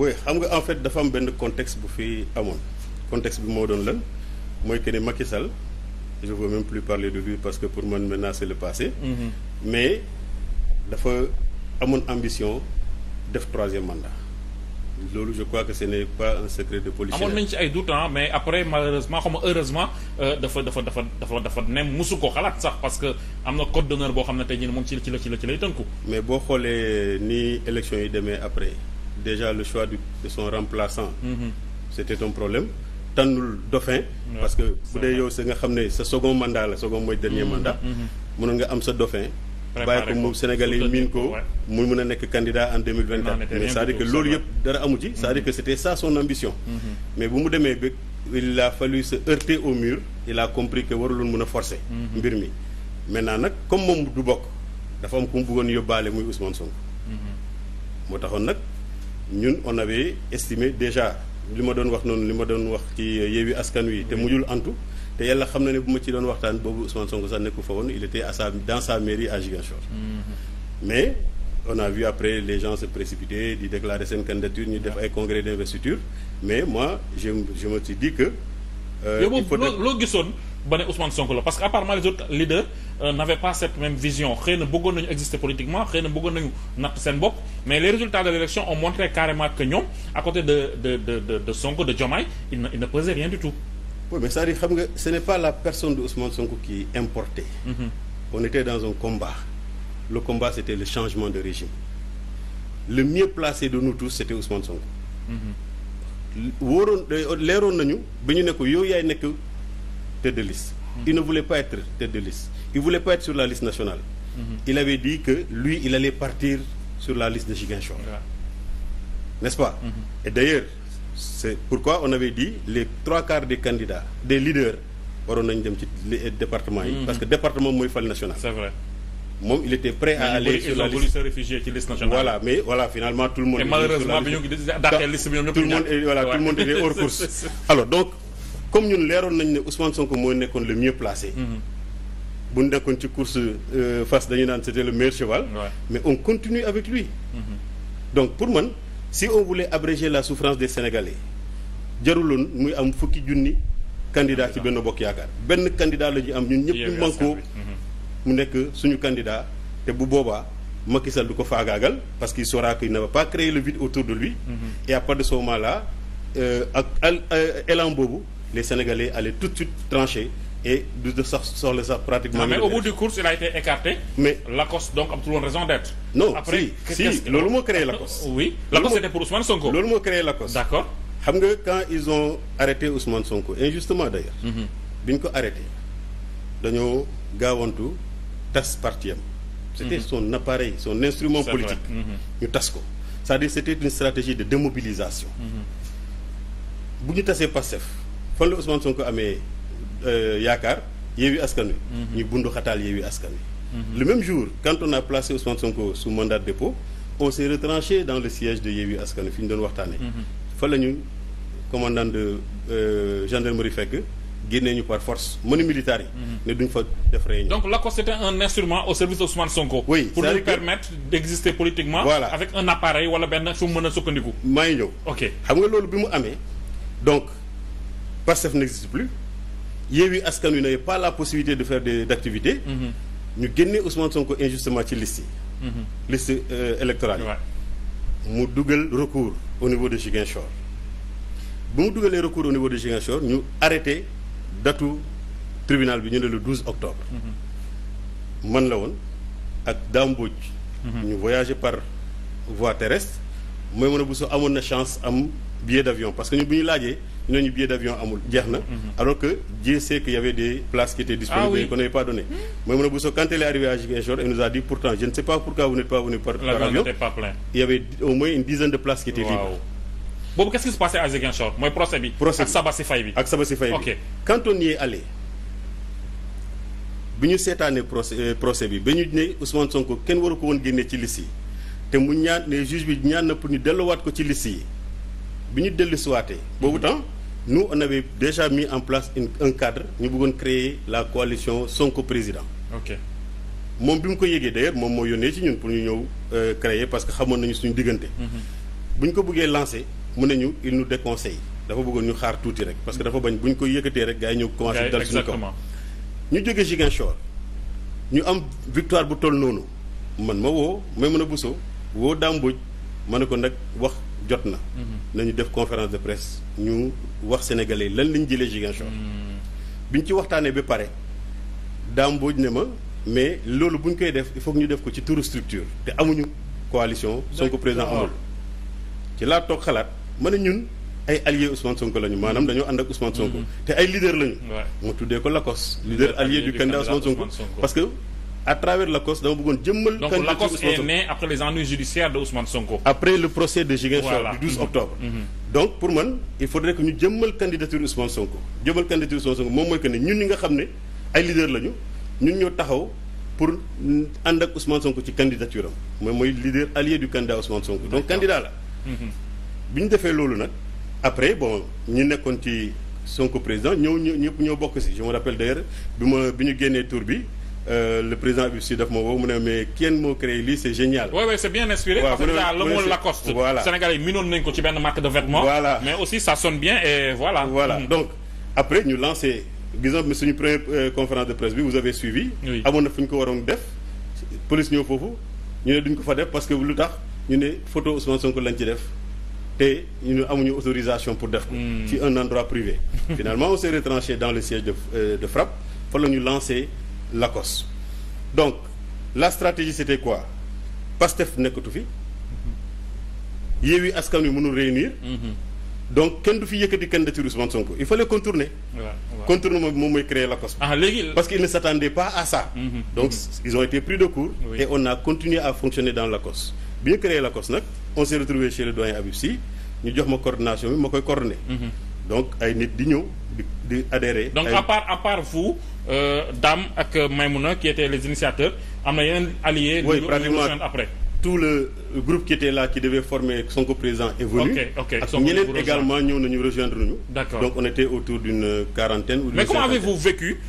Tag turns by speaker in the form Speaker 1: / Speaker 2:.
Speaker 1: oui xam nga en fait dafa am benn contexte bu fi amoon contexte bi moo doon lan mooy que ni Macky Sall je veux même plus parler de lui parce que pour man maintenant c'est le passé. Mm-hmm. mais dafa amoon ambition def troisième mandat. loolu je crois que ce n'est pas un secret de polichinelle amoon nañu ci
Speaker 2: ay doute ah mais après malheureusement xam nga heureusement euh, dafa dafa dafa dafa dafa nem musu ko xalaat sax parce que am na code d'honneur boo xam ne tey jii moom
Speaker 1: ci la ci la ci la ci mais boo xoolee ni élection yi demee après. déjà le choix du, de son remplaçant. Mm -hmm. c'était un problème tànnul dauphin. parce que bu dee yow sa nga xam ne sa second mandat la second mooy dernier mhm. mandat. mënoon mhm. nga am sa dauphin. bàyyi ko mu Sénégalais miin ko mu mun a nekk candidat en 2024 mais c'est-à-dire que loolu yëpp dara amu ci mhm. c'est-à-dire que c'était ça son ambition mais bu mu demee ba il a fallu se heurter au mur il a compris que waruloon mun a forcer mbir mi maintenant nag comme moom du bokk dafa am ku mu bëggoon moo taxoon nag ñun on avait estimé déjà li ma doon wax noonu li ma doon wax ci Yewwi Askan Wi te mujjul antu te yàlla xam na ne bu ma ci doon waxtaan boobu Ousmane Sonko sa nekku fa woon il était à sa dans sa mairie à Ziguinchor.
Speaker 3: Mm-hmm.
Speaker 1: mais on a vu après les gens se précipiter di déclarer seen candidature ñu def ay congrès d'investiture mais moi je je me suis dit que. Euh, il faut
Speaker 2: loo gisoon ba ne Ousmane Sonko la parce que à part les autres leaders. Euh, n'avaient pas cette même vision xëy na bëggoon nañu exister politiquement xëy na bëggoon nañu natt seen bopp mais les résultats de l'élection ont montré carrément que ñoom
Speaker 1: à côté de de de de de Sonko il ne il rien du tout. oui xam nga ce n'est pas la personne de Ousmane Sonko qui est importée. Mm-hmm. dans un combat le combat c'était le changement de régime le mieux placé de nous tous c'était Ousmane Sonko.
Speaker 3: Mm-hmm.
Speaker 1: wooroon leeroon nañu ba ñu ne ko yow yaay nekk tête de Mm-hmm. il ne voulait pas être tête de liste. Il voulait pas être sur la liste nationale. Mm-hmm. Il avait dit que lui, il allait partir sur la liste de Ziguinchor. N'est-ce pas? Mm-hmm. Et d'ailleurs, c'est pourquoi on avait dit les trois quarts des candidats, des leaders waroon nañ dem ci euh, département yi. parce que département mooy fal national. moom il était prêt à aller sur la liste ci liste nationale. voilà mais voilà finalement tout le monde. et tout le monde voilà tout le comme ñun leeroon nañ ne Ousmane Sonko mooy nekkoon le mieux placé. Mm-hmm. bu nekkoon ci course euh, face dañuy naan c'était le meilleur cheval. Ouais. mais on continue avec lui.
Speaker 3: Mm-hmm.
Speaker 1: donc pour man si on voulait abréger la souffrance des Sénégalais jaruloon muy am fukki junni. candidat ci benn bokk yaakaar benn candidat la ñu am ñun ñëpp ñu mànkoo
Speaker 3: mm-hmm.
Speaker 1: mu nekk suñu candidat te bu boobaa Macky du ko faagaagal parce que saura qu'il na va pas créer le vide autour de lui et à partir de ce euh, ak euh, élan boobu les Sénégalais allaient tout de suite trancher et du de sax soxla sax pratiquement. mais au bout
Speaker 2: du course il a été écarté. mais si si loolu moo
Speaker 1: créé Lacoste. Ah, oui Lacoste c'était pour Ousmane Sonko. loolu moo créé Lacoste. d'accord xam nga quand ils ont arrêté Ousmane Sonko injustement d'ailleurs. Mhm. bi ñu ko arrêté dañoo gaawantu tas parti c'était mhm. son appareil son instrument politique. Mhm. ñu tas ko c'est-à-dire c'était une stratégie de démobilisation. bu ñu tasee Pastef. fan la Ousmane Sonko amee euh, yaakaar Yewwi Askan Wi. Mhm. ñu bundu xataal Yewwi Askan Wi. Mhm. le même jour quand on a placé Ousmane Sonko sous mandat de dépôt retranché dans le siège de Yewwi Askan Wi fi ñu doon waxtaanee. Mhm. fa la ñu commandant de euh, gendarmerie fekk. génnee ñu par force mënu militaire yi. ne duñ fa def réunion. donc LACOS c'était un instrument au service de Ousmane Sonko.
Speaker 2: oui pour lui permettre d'exister politiquement. voilà avec un appareil wala benn su mu mën a sukkandiku. maa ngi
Speaker 1: ñëw ok xam nga loolu bi mu amee donc. Pastef n'existe plus Yewwi Askan Wi n'avait pas la possibilité de faire des d'activités mhm. ñu génnee Ousmane Sonko injustement ci liste yi mhm. liste euh, électorale yi mu dugal recours au niveau de Ziguinchor bu mu dugalee recours au niveau de Ziguinchor ñu arrêté datu tribunal bi ñu ne le 12 octobre mhm. man la woon ak Dame ñu voyagé par voie terrestre mooy mën a bu amoon na chance am billet d'avion parce que ñu bu ñu laajee ñooñu billet d'avion amul jeex na. Mhm. alors que Dieu sait qu'il y avait des places qui étaient disponibles. ah oui qu'on n'avait pas donné. Mhm. Maïmouna Bousso quand elle est arrivée à Ziguinchor elle nous pourtant je ne sais pas pourquoi vous par, avion n'était pas plein. il y avait au moins une dizaine de places qui étaient libres. waaw
Speaker 2: boobu qu'est-ce qui se passait à Ziguinchor mooy procès bi. procès bi ak Sabassi Faye bi. ak Sabassi Faye bi ok quand on
Speaker 1: bi ñu seetaanee procès euh, procès bi ba ñu ne Ousmane kenn waru ko woon génne ci liste yi te ñaan ne bi ñaan pour ñu delluwaat ko ci liste yi. bi ñu dellu siwaatee boobu temps nu on avait déjà mis en place une un cadre ñu bëggoon créer la coalition Sonko président ok moom bi mu ko yëgee d'ailleurs moom moo yonnee ci ñun pour ñu ñëw euh, créer parce que xamoon nañu suñu diggante
Speaker 3: mhm.
Speaker 1: bu ñu ko bëggee lancé mu ne ñu il nous déconseille dafa bëggoon ñu xaar tuuti rek parce que dafa bañ bu ñu ko yëkkatee rek gars yi ñëw commencé dal suñu kaw ñu jógee Ziguinchor ñu am victoire bu toll noonu man ma woo may mën a busoo woo Dame ma ne ko nag wax jot na. Mhm. nañu def conférence de presse ñu wax sénégalais lan lañ jëlee Ziguinchor. Mhm. biñ ci waxtaanee ba pare daam booj ne ma mais loolu buñ koy def il faut ñu def ko ci turu structure te amuñu coalition. Sonko président amul ci laa toog xalaat ma ne ñun ay allié Ousmane Sonko lañu maanaam mhm. dañoo ànd ak Ousmane Sonko. te ay leader lañu. mu tuddee ko LACOS. leader allié du candidat Ousmane Sonko parce que. à travers l'ACOS dama bëggoon jëmmal. donc l'ACOS est
Speaker 2: né après les ennuis Sonko.
Speaker 1: après le procès de Ziguinchor. Mm-hmm. octobre. Mm-hmm. donc pour man il faudrait que ñu jëmmal candidature Ousmane Sonko. jëmmal candidature Ousmane Sonko moom mooy que ne ñun ñi nga xam ne ay leaders lañu ñun ñoo taxaw pour ànd ak Ousmane Sonko ci candidature am moom mooy leader allié du candidat Ousmane Sonko. donc candidat la.
Speaker 3: Mm-hmm.
Speaker 1: bi ñu defee loolu nag après bon ñu nekkoon ci Sonko président ñëw ñëpp ñoo bokk si je me rappelle d'ailleurs bi ñu génnee tour bi. Euh, le président Abibsi daf ma woo mu ne mais kenn moo créé lii c'est génial. oui oui c'est bien inspiré. waaw mu ne la mot Lacoste. voilà Sénégalais yi ko ci benn
Speaker 2: marque de vêtements. voilà mais aussi ça sonne bien et voilà. Mm-hmm.
Speaker 1: donc après ñu lancé gis nga suñu première euh, conférence de presse bi vous avez suivi. oui amoon na fu ñu ko waroon def. police ñëw foofu ñu ne duñ ko fa def parce que lu tax ñu ne photo Ousmane la lañ ci def te ñu amuñu autorisation pour def ko. Mm. un endroit privé. finalement on s'est retranché dans le siège de euh, de frappe fa ñu lancé. lakos donc la stratégie c'était quoi Pastef nekkatu fi Yewwi Askan Wi mënul réunir mhm. donc kenn du fi yëkkati kenn da ci Ousmane Sonko il fallait contourner contournement bi moom mooy créer lakos ah, parce que qu'ils ne s'attendaient pas à ça
Speaker 3: mhm. donc mhm.
Speaker 1: ils ont été pris de court et on a continué à fonctionner dans lakos bi ñu créé lakos nag on s'est retrouvé chez le doyen Habib Sy ñu jox ma coordination bi ma koy coordonner donc ay nit di ñëw di di adhérer donc
Speaker 2: Euh, Dame ak Maimouna qui étaient les initiateurs am na alliés. oui pratiquement après.
Speaker 1: tout le groupe qui était là qui devait former Sonko président est ok ok ak également ñëw nañu rejoindre ñu. d'accord donc on était autour d'une quarantaine ou mais comment avez-vous
Speaker 3: vécu.